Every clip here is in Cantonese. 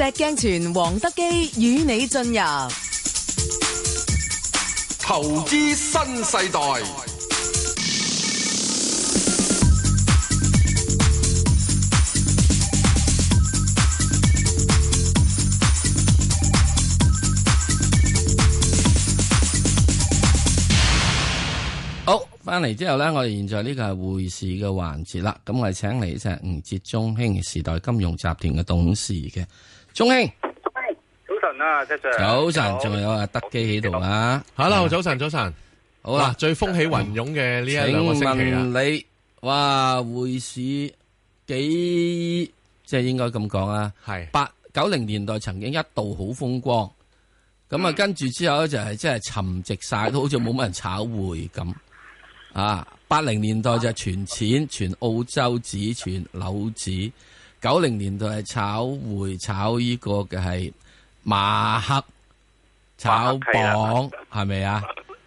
石鏡泉、黃德基與你進入投資新世代。世代好，翻嚟之後呢，我哋現在呢個係匯市嘅環節啦。咁我哋請嚟就係吳捷撞係時代金融集團嘅董事嘅。鐘興，興，早晨啊早晨，仲有啊，德基喺度啊，Hello，早晨，早晨，好啦，最風起雲湧嘅呢一兩個星期啦，請問你，哇，匯市幾即係應該咁講啊？係八九零年代曾經一度好風光，咁啊、嗯、跟住之後咧就係即係沉寂晒，都好似冇乜人炒匯咁啊。八零年代就係存錢，存澳洲紙，存紐紙。九零年代係炒匯炒呢個嘅係馬克炒磅，係咪啊？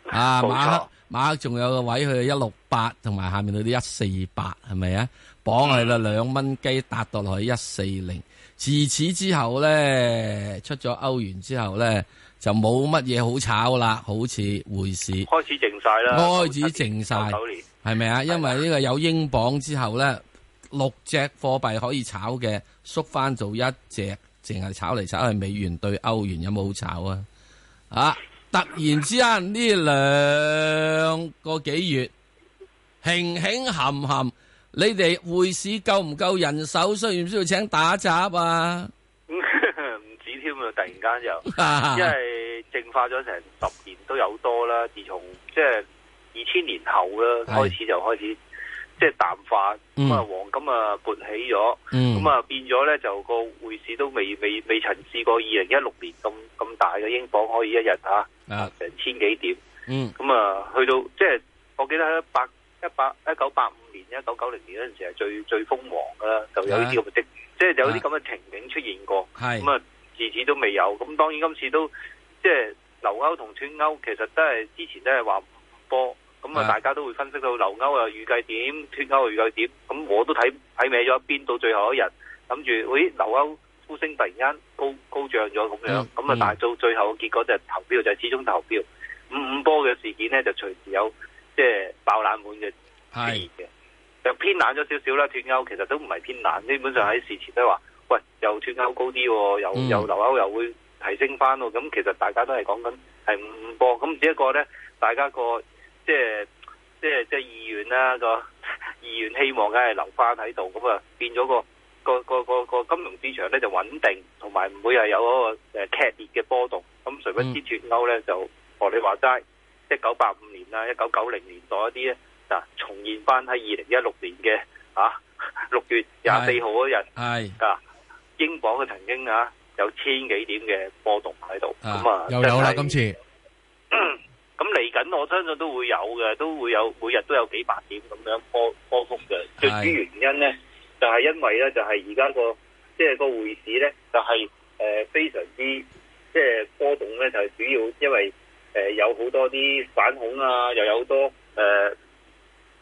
啊錯馬克馬克仲有個位佢一六八，同埋下面嗰啲一四八係咪啊？磅係啦、嗯、兩蚊雞跌到落去一四零。自此之後咧，出咗歐元之後咧，就冇乜嘢好炒啦，好似匯市開始靜晒啦，開始靜晒係咪啊？因為呢個有英鎊之後咧。六隻貨幣可以炒嘅，縮翻做一隻只炒炒，淨係炒嚟炒去，美元對歐元有冇好炒啊？啊！突然之間呢兩個幾月，興興冚冚，你哋匯市夠唔夠人手？需唔需要請打雜啊？唔止添啊！突然間又，即係淨化咗成十年都有多啦。自從即係二千年後啦，開始就開始。即係淡化，咁啊黃金啊勃起咗，咁啊、嗯、變咗咧就個匯市都未未未曾試過二零一六年咁咁大嘅，英鎊可以一日啊成千幾點。咁啊、嗯、去到即係我記得喺八一八一九八五年一九九零年嗰陣時係最最瘋狂㗎啦，就有呢啲咁嘅跌，的即係有啲咁嘅情景出現過，咁啊的自此都未有，咁當然今次都即係留歐同斷歐其實都係之前都係話唔波。咁啊，大家都會分析到留歐啊預計點，脫歐預計點。咁我都睇睇尾咗一邊，到最後一日，諗住，咦、哎，留歐呼聲突然間高高漲咗咁樣咁啊，但係到最後嘅結果就係投票就係、是、始終投票，五五波嘅事件咧，就隨時有即係、就是、爆冷門嘅出現嘅，係嘅是。就偏冷咗少少啦。脫歐其實都唔係偏冷，基本上喺事前都話，喂，又脫歐高啲喎，又又留歐又會提升翻喎。咁其實大家都係講緊，係五五波。咁只不過呢，大家個。即係即係即係議員啦、個議員希望梗係留翻喺度，咁啊變咗個個個個個金融市場咧就穩定，同埋唔會係有個誒劇烈嘅波動。咁誰不知脱歐咧就我你話齋，一九八五年啦，一九九零年代一啲咧嗱重現翻喺二零一六年嘅啊六月廿四號嗰日，係啊英鎊嘅曾經啊有千幾點嘅波動喺度，咁啊又有啦今次。 咁嚟緊，我相信都會有嘅，都會有每日都有幾百點咁樣波波幅嘅。最主要原因呢，就係、是、因為呢，就係而家個即係、就是、個匯市呢，就係、是、誒、呃、非常之即係波動呢就係、是、主要因為誒、呃、有好多啲反恐啊，又有好多誒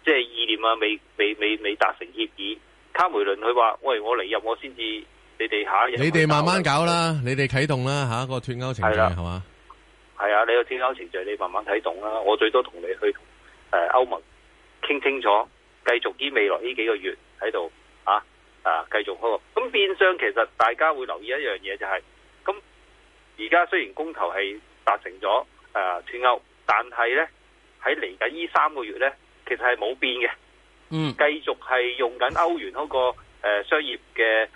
即係意念啊，未未未未達成協議。卡梅倫佢話，喂，我嚟入，我先至你哋下嘢。你哋、啊、慢慢搞啦，你哋啟動啦下一、啊那個脫歐程序係嘛？的係啊，你個脫歐程序你慢慢睇懂啦，啊。我最多同你去同、呃、歐盟傾清楚，繼續啲未來呢幾個月喺度啊啊，繼續嗰、那個。咁變相其實大家會留意一樣嘢就係、是，咁而家雖然公投係達成咗誒脫歐，但係咧喺嚟緊呢三個月咧，其實係冇變嘅。嗯，繼續係用緊歐元嗰、那個、呃、商業嘅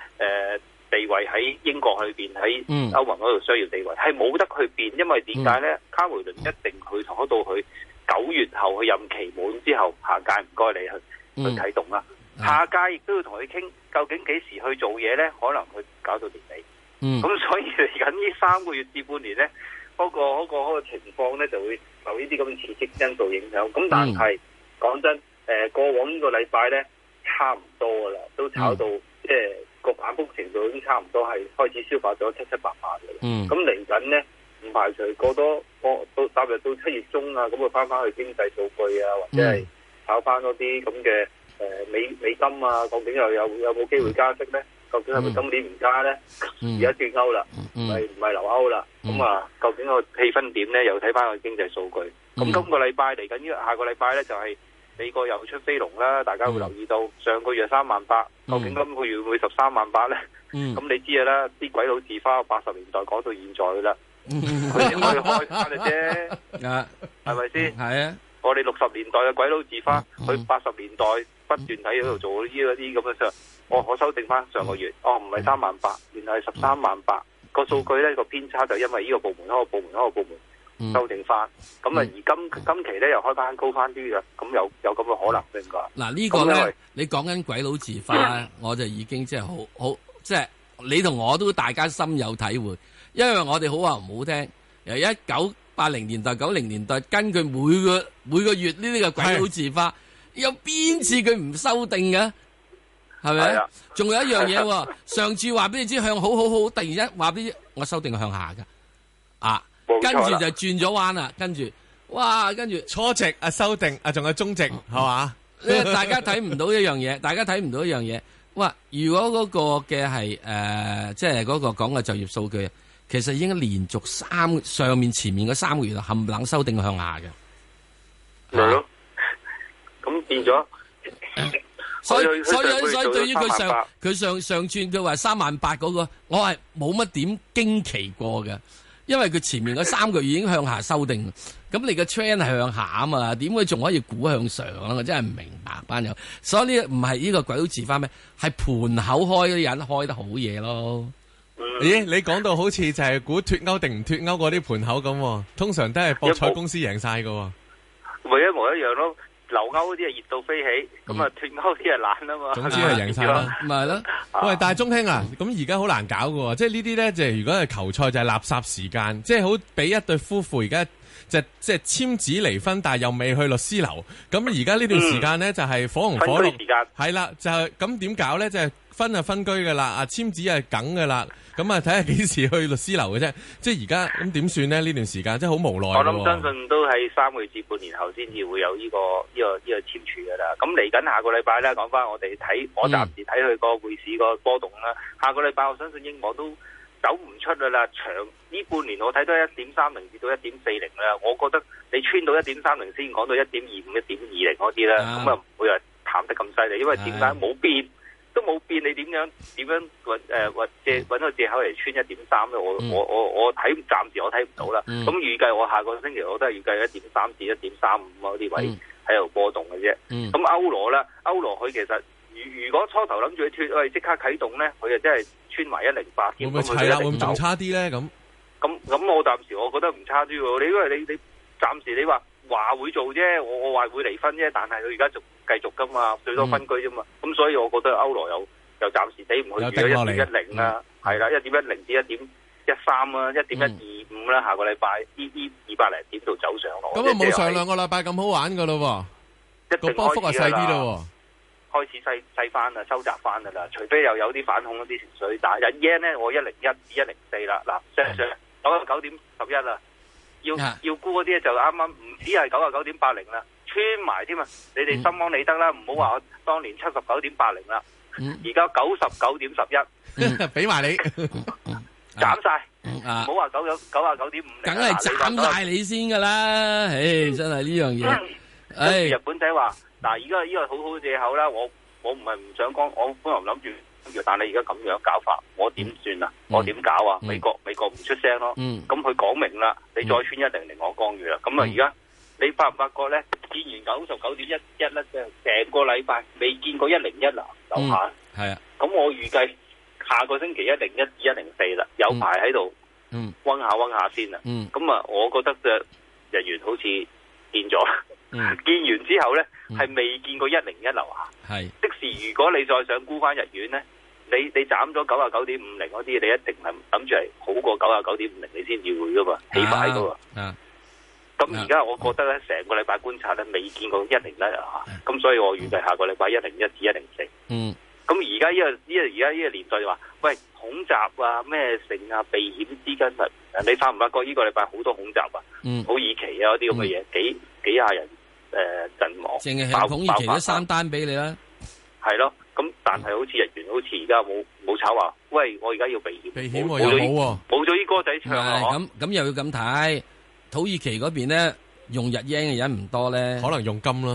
地位喺英國去邊喺歐盟嗰度需要地位，係冇、嗯、得去變，因為點解呢？卡梅倫一定去炒到佢九月後去任期滿之後下屆唔該你去、嗯、去啟動啦。下屆亦都要同佢傾，究竟幾時去做嘢呢？可能佢搞到年底。咁、嗯、所以嚟緊呢三個月至半年呢，嗰、那個嗰、那個那個情況呢就會受呢啲咁嘅刺激因素影響。咁但係講、嗯、真，誒、呃、過往呢個禮拜呢，差唔多噶啦，都炒到即係。嗯呃個反覆程度已經差唔多係開始消化咗七七八八。嗯，咁嚟緊咧，唔排除過多波到踏入到七月中啊，咁啊翻翻去經濟數據啊，或者係炒翻嗰啲咁嘅誒美美金啊，究竟又有有冇機會加息咧？究竟係咪今年唔加咧？而家變歐啦，唔係唔係留歐啦？咁、嗯嗯、啊，究竟個氣氛點咧？又睇翻個經濟數據。咁今、嗯、個禮拜嚟緊，呢下個禮拜咧就係、是。美國又出飛龍啦，大家會留意到上個月三萬八，究竟今個月會十三萬八呢？咁你知噶啦，啲鬼佬字花八十年代講到現在噶啦，佢哋開開翻嘅啫，係咪先？係啊，我哋六十年代嘅鬼佬字花，佢八十年代不斷喺度做呢啲咁嘅嘢，我可修正翻上個月，哦唔係三萬八，原來係十三萬八，個數據呢個偏差就因為呢個部門、嗰個部門、嗰個部門。修訂翻，咁啊、嗯嗯嗯嗯、而今今期咧又開翻高翻啲嘅，咁有有咁嘅可能性噶。嗱呢、啊這個咧，嗯、你講緊鬼佬字法，嗯、我就已經即係好好即係、就是、你同我都大家深有體會，因為我哋好話唔好聽，由一九八零年代九零年代，根據每個每個月呢啲嘅鬼佬字法，嗯、有邊次佢唔修訂嘅？係咪？仲有一樣嘢喎，嗯、上次話俾你知向好好好，突然一話俾我修訂向下噶啊！跟住就轉咗彎啦，跟住，哇，跟住初值啊，修訂啊，仲有中值，係嘛？大家睇唔到一樣嘢，大家睇唔到一樣嘢。哇，如果嗰個嘅係誒，即係嗰個講嘅就業數據，其實已經連續三上面前面嗰三個月啦，冚唪唥修訂向下嘅，係咯的。咁、啊、變咗，啊、所以所以所以對於佢上佢上上串，佢話三萬八嗰個，我係冇乜點驚奇過嘅。因為佢前面嗰三個已經向下修訂，咁你個 trend 向下啊嘛，點會仲可以估向上咧？我真係唔明白，班友。所以呢唔係呢個鬼都字翻咩？係盤口開嗰啲人開得好嘢咯。咦、哎？你講到好似就係估脱歐定唔脱歐嗰啲盤口咁，通常都係博彩公司贏晒噶。咪一,一模一樣咯。留歐啲係熱到飛起，咁啊脫歐啲係懶啊嘛。總之係贏晒啦，咪係咯。 喂，大中興啊，咁而家好難搞嘅喎，即係呢啲咧就係如果係球賽就係、是、垃圾時間，即係好俾一對夫婦而家就即、是、係、就是、簽紙離婚，但係又未去律師樓。咁而家呢段時間咧、嗯、就係火紅火綠，係啦，就係咁點搞咧就係、是。分就分居嘅啦，啊簽紙係梗嘅啦，咁啊睇下幾時去律師樓嘅啫，即係而家咁點算呢？呢段時間真係好無奈的。我諗相信都係三個月至半年後先至會有呢、呢個呢、呢個呢、呢個簽署嘅啦。咁嚟緊下個禮拜咧，講翻我哋睇，我暫時睇佢個匯市個波動啦。嗯、下個禮拜我相信英鎊都走唔出去啦。長呢半年我睇到一點三零至到一點四零啦。我覺得你穿到一點三零先講到一點二五、一點二零嗰啲啦，咁啊唔會話淡得咁犀利，因為點解冇變？都冇變你，你點樣點樣揾或者揾個借口嚟穿一點三咧？我我我我睇暫時我睇唔到啦。咁、嗯、預計我下個星期我都係預計一點三至一點三五嗰啲位喺度波動嘅啫。咁、嗯、歐羅呢？歐羅佢其實如如果初頭諗住脱歐即刻啟動咧，佢就真係穿埋 10 9, 一零八添。會唔會係差啲咧？咁咁咁，我暫時我覺得唔差啲喎。你因為你你，你，你暫時你話。話會做啫，我我話會離婚啫，但係佢而家仲繼續噶嘛，最多分居啫嘛，咁、嗯嗯、所以我覺得歐羅又暫唔會又暫時抵唔去住一一點一零啦，係啦，一點一零至一點一三啦，一點一二五啦，下個禮拜呢呢二百零點度走上落，咁冇上兩個禮拜咁好玩噶咯，個波幅啊細啲咯，開始細細翻啦，收窄翻噶啦，除非又有啲反恐嗰啲情緒，但係 yen 呢，我一零一至一零四啦，嗱上上九十九點十一啦。嗯要要沽嗰啲咧就啱啱唔止係九啊九點八零啦，穿埋添啊！你哋心安理得啦，唔好話我當年七十九點八零啦，而家九十九點十一，俾埋你，斬 晒光，唔好話九九九啊九點五零，梗係斬曬你先噶啦，唉， 真係呢樣嘢。跟、嗯哎、日本仔話，嗱，而家呢個好好借口啦，我我唔係唔想講，我本來諗住。但你而家咁樣搞法，我點算啊？嗯、我點搞啊？美國、嗯、美國唔出聲咯，咁佢講明啦，你再穿一零零我干預啦。咁啊、嗯，而家你發唔發覺呢？見完九十九點一一呢，成個禮拜未見過一零一啦樓下。係啊、嗯，咁我預計下個星期一零一至一零四啦，有排喺度溫下溫下先啊。咁啊、嗯，嗯、我就覺得嘅日元好似變咗。見完之後呢，係未見過一零一樓下。即使如果你再想沽返日元呢，你你斬咗九啊九點五零嗰啲，你一定係諗住係好過九啊九點五零，你先至會噶嘛？起買噶嘛？啊！咁而家我覺得呢，成個禮拜觀察呢，未見過一零一啊！咁所以我預計下個禮拜一零一至一零四。嗯。咁而家呢個呢個而家呢個年代就話，喂，恐襲啊，咩性啊，避險資金啊！你發唔發覺呢個禮拜好多恐襲啊？土耳其啊，嗰啲咁嘅嘢，幾幾廿人。誒、呃、震盪，凈係爆捧依期都三單俾你啦發，係咯，咁但係好似日元好似而家冇冇炒話，喂，我而家要避險，避險喎又好喎，冇咗啲歌仔唱咁咁的、啊、又要咁睇土耳其嗰邊咧？用日英嘅人唔多咧，可能用金咯，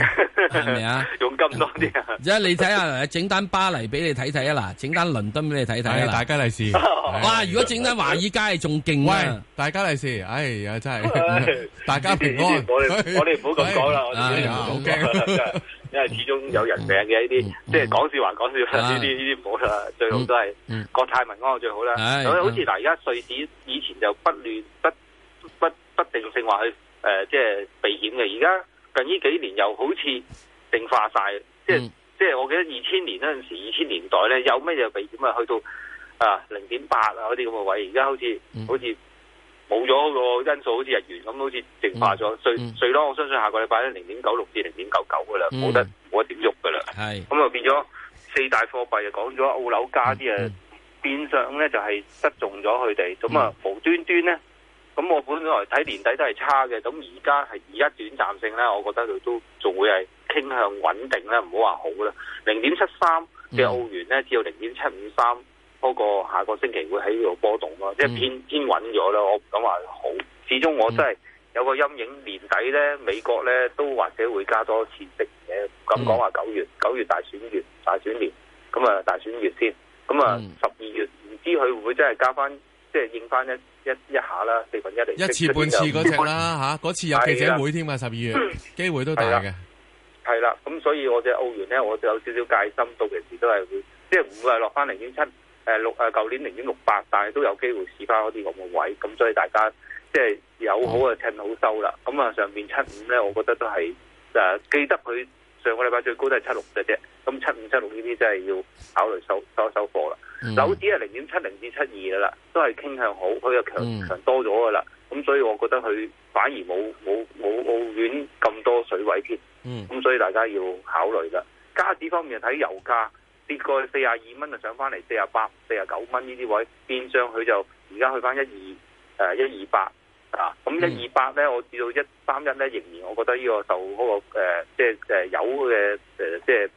係咪啊？用金多啲啊！而家你睇下，整單巴黎俾你睇睇啊！嗱，整單倫敦俾你睇睇啊！大家利是哇！如果整單華爾街仲勁啊！大家利是，哎呀，真係大家平安，我哋我哋唔好咁講啦，我哋啲人唔好驚啦，真係，因為始終有人命嘅呢啲，即係講笑話講笑呢啲呢啲唔好啦，最好都係國泰民安最好啦。所以好似嗱，而家瑞士以前就不亂不不不定性話去。誒、呃，即係避險嘅。而家近呢幾年又好似淨化晒，即係、嗯、即係我記得二千年嗰陣時，二千年代咧有咩嘢避險啊？去到啊零點八啊嗰啲咁嘅位，而家好似、嗯、好似冇咗個因素，好似日元咁，好似淨化咗。最最多我相信下個禮拜咧零、嗯、點九六至零點九九噶啦，冇得冇得點喐噶啦。係咁啊，變咗四大貨幣就講咗澳紐加啲啊，嗯、變相咧就係、是、失重咗佢哋，咁啊、嗯、無端端咧。咁我本來睇年底都係差嘅，咁而家係而家短暫性呢，我覺得佢都仲會係傾向穩定咧，唔好話好啦。零點七三嘅澳元呢，只有零點七五三，不過下個星期會喺度波動咯，即係、嗯、偏偏穩咗啦。我唔敢話好，始終我真係有個陰影，嗯、年底呢，美國呢都或者會加多次息嘅。唔敢講話九月九月大選月大選年，咁啊大選月先，咁啊十二月唔知佢會唔會真係加翻？即係應翻一一一下啦，四分一嚟。一次半次嗰隻啦吓，嗰、啊啊、次有記者會添嘛，十二了月機會都大嘅了。係啦，咁所以我哋澳元咧，我哋有少少戒心，到時都係會，即係唔會係落翻零點七，誒六誒，舊年零點六八，但係都有機會試翻嗰啲咁嘅位。咁所以大家即係、就是、有好啊趁好收啦。咁啊，上面七五咧，我覺得都係誒、啊、記得佢。上個禮拜最高都係七六嘅啫，咁七五、七六呢啲真係要考慮收收收貨啦。手指係零點七零至七二噶啦，都係傾向好，佢又強強、嗯、多咗噶啦。咁所以我覺得佢反而冇冇冇澳元咁多水位添。咁、嗯、所以大家要考慮啦。加紙方面睇油價跌過四廿二蚊就上翻嚟四廿八、四廿九蚊呢啲位，變相佢就而家去翻一二誒，一二八。啊，咁一二八咧，我至到一三一咧，仍然我覺得呢個就嗰個誒，即係誒有嘅誒，即係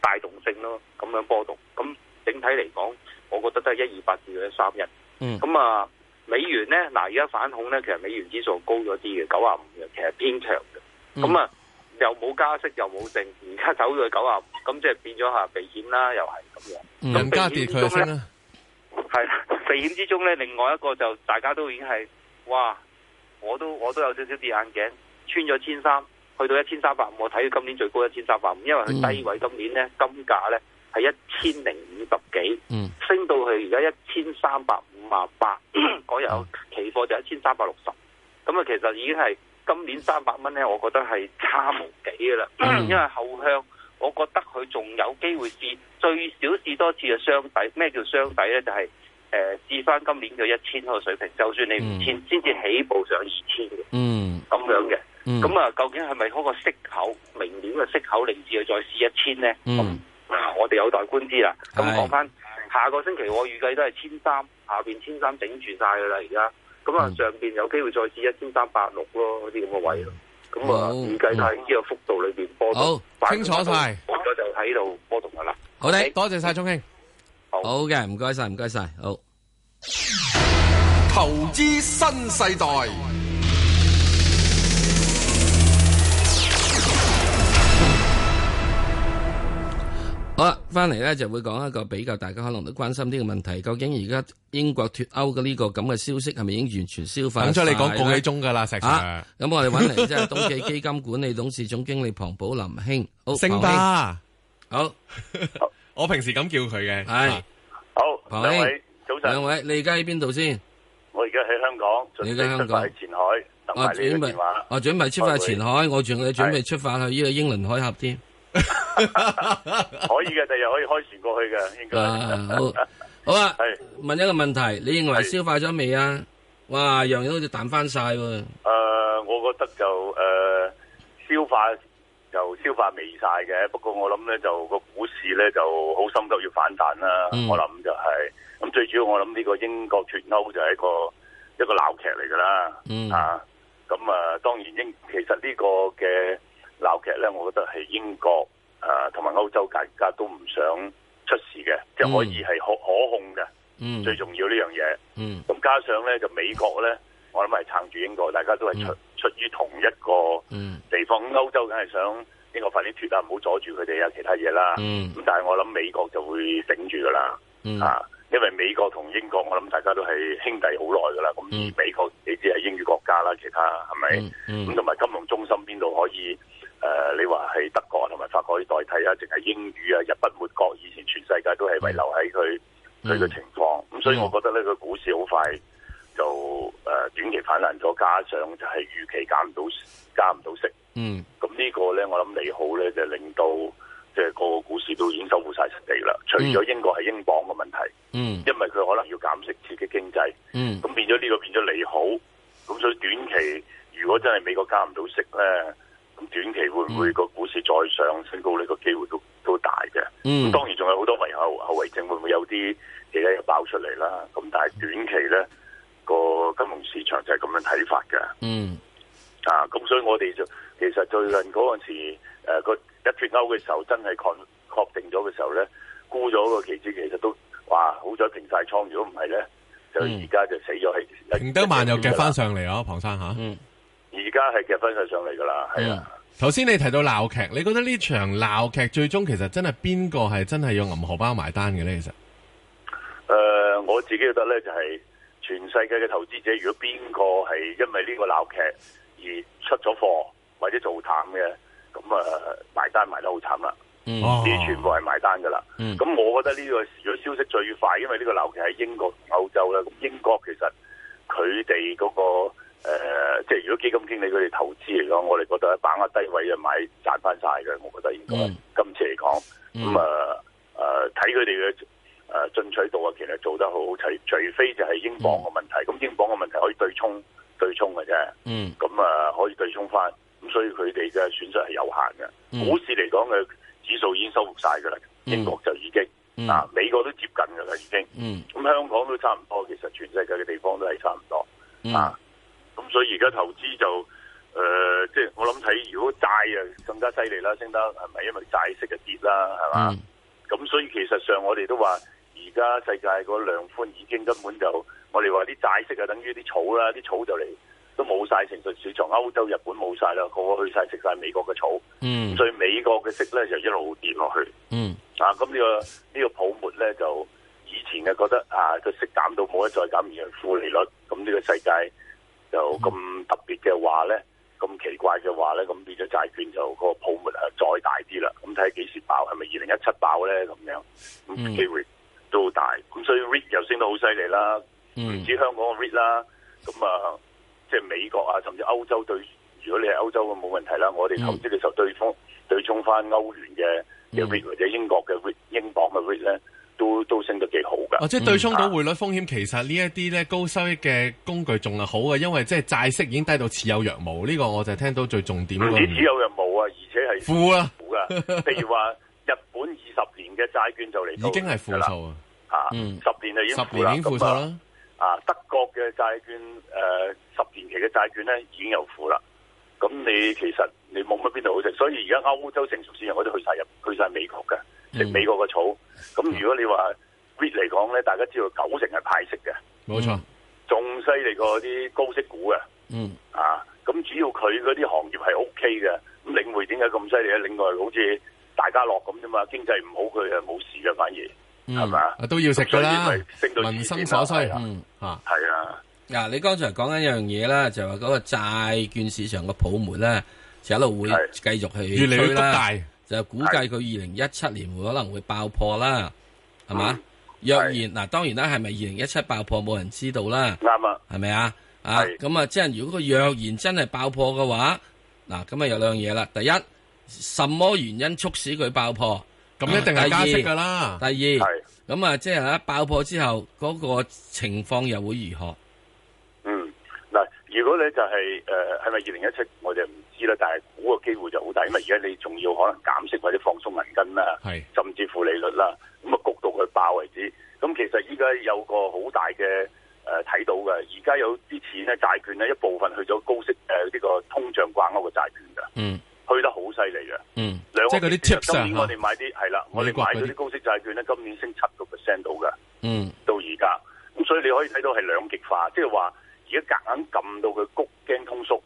帶動性咯，咁樣波動。咁整體嚟講，我覺得都係一二八至到一三一。嗯。咁啊，美元咧，嗱而家反恐咧，其實美元指數高咗啲嘅，九啊五嘅，其實偏長嘅。咁啊、嗯，又冇加息，又冇剩，而家走咗去九啊五，咁即係變咗下避險啦，又係咁樣。咁避險之中咧，係啦，避險之中咧，另外一個就大家都已經係哇。我都我都有少少跌眼鏡，穿咗千三，去到一千三百五，我睇佢今年最高一千三百五，因為佢低位今年咧金價咧係一千零五十幾，升到去而家一千三百五十八，嗰日有期貨就一千三百六十，咁啊，其實已經係今年三百蚊咧，我覺得係差無幾噶啦，因為後向我覺得佢仲有機會試最少試多次嘅雙底，咩叫雙底咧？就係、是。誒，試翻今年嘅一千個水平，就算你五千先至起步上二千嘅，咁樣嘅，咁啊，究竟係咪嗰個息口明年嘅息口令至去再試一千咧？我哋有待觀之啦。咁講翻，下個星期我預計都係千三，下邊千三頂住晒噶啦，而家咁啊，上邊有機會再試一千三百六咯，啲咁嘅位咯。咁啊，預計都係呢個幅度裏邊波動。好清楚晒，我就喺度波動噶啦。好多謝晒中兄。好嘅，唔該晒，唔該晒，好。投資新世代。好啦，翻嚟咧，就會講一個比較大家可能都關心啲嘅問題，究竟而家英國脫歐嘅呢個咁嘅消息係咪已經完全消化？等咗你講幾鐘噶啦，成啊！咁我哋搵嚟，即係東驥基金管理董事總經理龐寶林兄，姓巴，好。我平時咁叫佢嘅，係好，兩位早晨，兩位，你而家喺邊度先？我而家喺香港，準備出發前海，準備哦，準備出發前海，我仲要準備出發去呢個英倫海峽添，可以嘅，第日可以開船過去嘅，應該。啊，好，好啊，係，問一個問題，你認為消化咗未啊？哇，樣樣好似彈翻晒喎。誒，我覺得就誒消化。就消化未晒嘅，不過我諗呢，就個股市呢，就好心急要反彈啦，嗯、我諗就係、是。咁最主要我諗呢個英國脱歐就係一個一個鬧劇嚟噶啦，啊，咁啊當然英其實呢個嘅鬧劇呢，我覺得係英國同埋、啊、歐洲大家都唔想出事嘅，即係可以係可可控嘅。嗯、最重要呢樣嘢。咁、嗯嗯、加上呢，就美國呢，我諗係撐住英國，大家都係出。嗯出於同一個地方，嗯、歐洲梗係想英國快啲脱啊，唔好阻住佢哋啊，其他嘢啦。咁、嗯、但係我諗美國就會頂住噶啦，嗯、啊，因為美國同英國我諗大家都係兄弟好耐噶啦。咁、嗯、美國你知係英語國家啦，其他係咪？咁同埋金融中心邊度可以？誒、呃，你話喺德國同埋法國可以代替啊？淨係英語啊，一筆抹過以前全世界都係遺留喺佢佢嘅情況。咁、嗯、所以我覺得呢個股市好快。就誒短期反彈咗，加上就係預期減唔到加唔到息，嗯，咁呢個咧我諗利好咧就是、令到即係、就是、個股市都已經收復晒實地啦。除咗英國係英鎊嘅問題，嗯，因為佢可能要減息刺激經濟，嗯，咁變咗呢個變咗利好，咁所以短期如果真係美國加唔到息咧，咁短期會唔會個股市再上升高，呢個機會都都大嘅。咁、嗯、當然仲有好多後後遺症會唔會有啲其他嘢爆出嚟啦？咁但係短期咧。個金融市場就係咁樣睇法嘅。嗯。啊，咁所以我哋就其實最近嗰陣時，誒、呃那個一脫歐嘅時候，真係確確定咗嘅時候咧，沽咗個期指，其實都哇好彩平晒倉，如果唔係咧，就而家就死咗。平得慢又夾翻上嚟了啊，龐生吓。嗯。而家係夾翻晒上嚟噶啦。係啊的。頭先你提到鬧劇，你覺得呢場鬧劇最終其實真係邊個係真係用銀荷包埋單嘅咧？其實。誒，我自己覺得咧就係、是。全世界嘅投資者，如果邊個係因為呢個鬧劇而出咗貨或者做淡嘅，咁啊埋單埋得好慘啦，呢啲、嗯、全部係埋單噶啦。咁、嗯、我覺得呢、呢個如果消息最快，因為呢個鬧劇喺英國同歐洲咧，咁英國其實佢哋嗰個、呃、即係如果基金經理佢哋投資嚟講，我哋覺得係把握低位啊買賺翻晒嘅，我覺得應該、嗯、今次嚟講，咁啊誒睇佢哋嘅。嗯呃呃誒，進取度啊，其實做得好好，除非就係英鎊嘅問題，咁、嗯、英鎊嘅問題可以對沖對沖嘅啫。嗯，咁啊可以對沖翻，咁所以佢哋嘅損失係有限嘅。股市嚟講嘅指數已經收復晒嘅啦，英國就已經、嗯、啊，美國都接近嘅啦，已經。嗯，咁香港都差唔多，其實全世界嘅地方都係差唔多。嗯，咁、啊、所以而家投資就誒，即、呃、係、就是、我諗睇，如果債啊更加犀利啦，升得係咪因為債息嘅跌啦？係嘛？咁、嗯、所以其實上我哋都話。而家世界個量寬已經根本就，我哋話啲債息就等於啲草啦，啲草就嚟都冇晒成熟市場，歐洲、日本冇晒啦，個個去晒食晒美國嘅草。嗯。Mm. 所以美國嘅息咧就一路跌落去。嗯。啊，咁呢個呢個泡沫咧就以前嘅覺得啊，個息減到冇得再減，而係負利率。咁呢個世界就咁特別嘅話咧，咁、mm. 奇怪嘅話咧，咁變咗債券就、那個泡沫啊再大啲啦。咁睇下幾時爆，係咪二零一七爆咧咁樣？嗯。Mm. 機會都大，咁所以 rate 又升得好犀利啦，唔止香港嘅 rate 啦，咁啊，即係美國啊，甚至歐洲對，如果你係歐洲嘅冇問題啦。我哋投資嘅時候，嗯、對沖對沖翻歐元嘅嘅 rate 或者英國嘅 rate、英鎊嘅 rate 咧，都都升得幾好噶、啊。即係對沖到匯率風險，啊、其實呢一啲咧高收益嘅工具仲係好嘅，因為即係債息已經低到似有若無。呢、這個我就聽到最重點。嗯、似有若無富啊，而且係負啊，噶。譬如話日本二十年嘅債券就嚟已經係負數啊。啊，嗯、十年就已經負啦，咁啊，啊啊德國嘅債券誒、呃，十年期嘅債券咧已經有負啦。咁你其實你冇乜邊度好食，所以而家歐洲成熟市場我都去晒入，去晒美國嘅食、嗯、美國嘅草。咁如果你話 REIT 嚟講咧，大家知道九成係派息嘅，冇錯，仲犀利過啲高息股嘅。嗯，啊，咁主要佢嗰啲行業係 O K 嘅，咁領匯點解咁犀利咧？領匯好似大家樂咁啫嘛，經濟唔好佢又冇事嘅，反而沒有的。係嘛，都要食噶啦，民生所需。吓係啊。嗱，你剛才講緊一樣嘢啦，就話嗰個債券市場個泡沫咧，就一路會繼續去越嚟越大。就估計佢二零一七年可能會爆破啦，係嘛？若然嗱，當然啦，係咪二零一七爆破冇人知道啦？啱啊，係咪啊？係。咁啊，即係如果佢若然真係爆破嘅話，嗱，咁啊有兩樣嘢啦。第一，什麼原因促使佢爆破？咁一定係加息噶啦，啊，第二，係咁啊，即係爆破之後嗰、那個情況又會如何？嗯，嗱，如果你就係、是、誒，係咪二零一七，是是2017，我就唔知啦。但係估個機會就好大，因為而家你仲要可能減息或者放鬆銀根啦，係是，甚至乎負利率啦，咁啊，焗到佢爆為止。咁其實依家有個好大嘅誒睇到嘅，而家有啲錢咧，債券咧，一部分去咗高息誒呢、呃這個通脹掛鈎嘅債券噶，嗯。去得好犀利嘅，嗯，兩個即係嗰啲 tips 啊今年我哋買啲係啦，我哋買咗啲高息債券咧，今年升七個 percent 到嘅，嗯，到而家，咁所以你可以睇到係兩極化，即係話而家夾硬撳到佢谷驚通縮，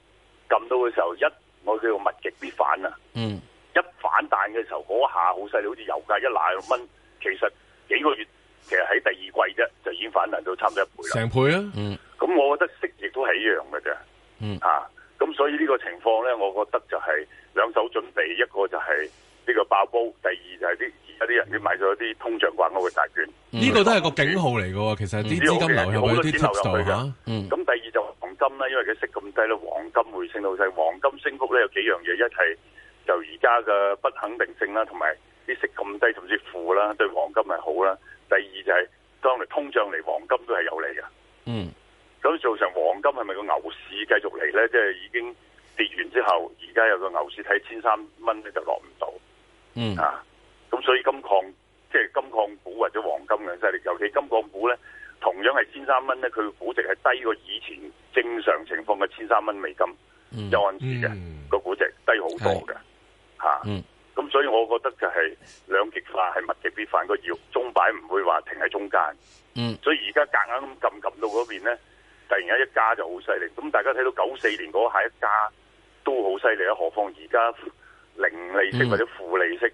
撳到嘅時候一我叫做物極必反啊，嗯，一反彈嘅時候嗰下好犀利，好似油價一萬蚊，其實幾個月其實喺第二季啫就已經反彈到差唔多一倍啦，成倍啊，嗯，咁我覺得息亦都係一樣嘅啫，嗯，吓、啊。咁所以呢個情況咧，我覺得就係兩手準備，一個就係呢個爆煲，第二就係啲而家啲人佢買咗啲通脹掛鈎嘅債券，呢、嗯、個都係個警號嚟嘅喎。其實啲資金流入去好多錢流入去嘅。嗯。咁第二就黃金啦，因為佢息咁低啦，黃金會升到曬。黃金升幅咧有幾樣嘢，一係就而家嘅不肯定性啦，同埋啲息咁低，甚至負啦，對黃金係好啦。第二就係、是、當嚟通脹嚟，黃金都係有利嘅。嗯。咁造成黃金係咪個牛市繼續嚟咧？即係已經跌完之後，而家有個牛市睇千三蚊咧就落唔到。嗯啊，咁所以金礦即係金礦股或者黃金咁犀利，尤其金礦股咧，同樣係千三蚊咧，佢個股值係低過以前正常情況嘅千三蚊美金、嗯、一盎司嘅個股值低好多嘅是、啊、嗯咁、啊、所以我覺得就係兩極化係物極必、嗯、反，個要鐘擺唔會話停喺中間。嗯，所以而家夾硬撳撳到嗰邊咧。突然間一加就好犀利，咁大家睇到九四年嗰下一加都好犀利啊！何況而家零利息或者負利息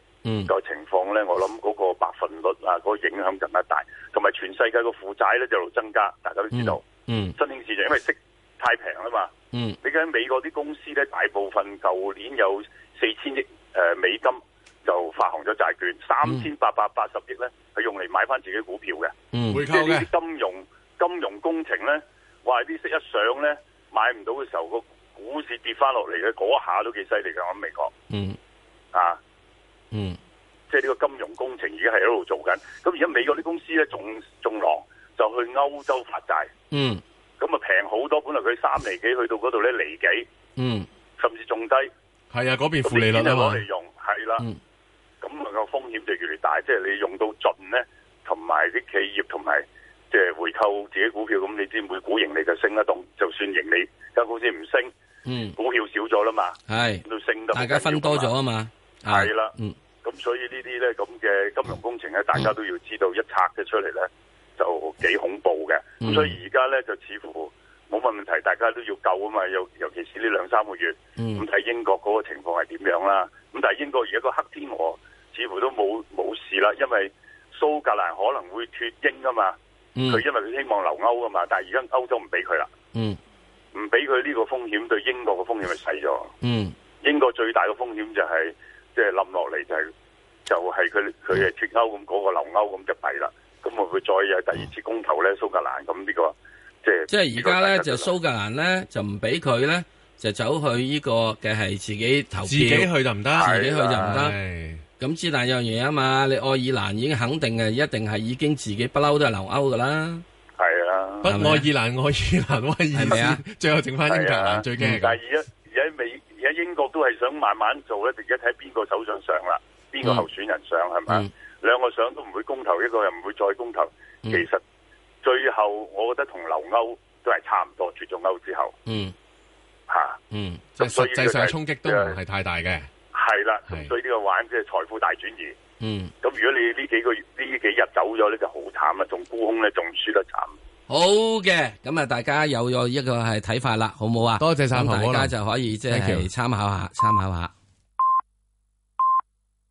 個情況咧，嗯嗯、我諗嗰個百分率啊，嗰、嗰個影響更加大，同埋全世界個負債咧就一增加，大家都知道，嗯嗯、新興市場因為息太平啦嘛，你睇、嗯、美國啲公司咧，大部分舊年有四千億美金就發行咗債券，三千八百八十億咧係用嚟買翻自己股票嘅，嗯係啲金融金融工程咧。話啲息一上咧，買唔到嘅時候個股市跌翻落嚟嘅，嗰下都幾犀利㗎。我諗美國，嗯啊，嗯，即係呢個金融工程已經係一路做緊。咁而家美國啲公司咧，仲仲狼就去歐洲發債，嗯，咁啊平好多。本來佢三厘幾，去到嗰度咧，零幾，嗯，甚至仲低。係啊，嗰邊負利率啊邊攞嚟用？係啦、啊，咁嚟個風險就越嚟越大。嗯、即係你用到盡咧，同埋啲企業同埋。即係回購自己股票，咁你知每股盈利就升得動，就算盈利間公司唔升，嗯，股票少咗啦嘛，係、嗯、都升得，大家分多咗啊嘛，係啦的，的嗯，咁所以呢啲咧咁嘅金融工程咧，嗯、大家都要知道，一拆咗出嚟咧就幾恐怖嘅。咁、嗯、所以而家咧就似乎冇乜問題，大家都要救啊嘛，尤尤其是呢兩三個月，咁睇、嗯、英國嗰個情況係點樣啦。咁但係英國而家個黑天鵝似乎都冇冇事啦，因為蘇格蘭可能會脫英啊嘛。佢、嗯、因為佢希望留歐啊嘛，但係而家歐洲唔俾佢啦，唔俾佢呢個風險對英國嘅風險咪使咗。嗯、英國最大嘅風險就係即係冧落嚟就係、係、就係佢佢係脫歐咁嗰、嗰個留歐咁就弊啦。咁會唔會再有第二次公投咧？哦、蘇格蘭咁、呢個就係、呢個即係即係而家咧就蘇格蘭咧就唔俾佢咧就走去呢、呢個嘅係、就係、自己投自己去就唔得，是啊、自己去就唔得。咁之但有樣嘢啊嘛，你愛爾蘭已經肯定係，一定係已經自己不嬲都係留歐噶啦。係啊，不愛愛爾蘭，愛愛爾蘭，係咪啊？最後剩翻英格蘭，最驚嘅。但而家而家未，而家英國都係想慢慢做咧，而家睇邊個首相上啦，邊個候選人上係咪？兩個上都唔會公投，一個又唔會再公投，其實最後我覺得同留歐都係差唔多，脫咗歐之後，嗯，吓，嗯，即係實際上嘅衝擊都唔係太大嘅。係啦，所以呢個玩即係財富大轉移。嗯，咁如果你呢幾個月呢幾日走咗咧，就好慘啊！仲沽空咧，仲輸得慘。好嘅，咁啊，大家有咗一個係睇法啦，好冇啊？多謝三豪，咁大家就可以即係參考一下，參考下。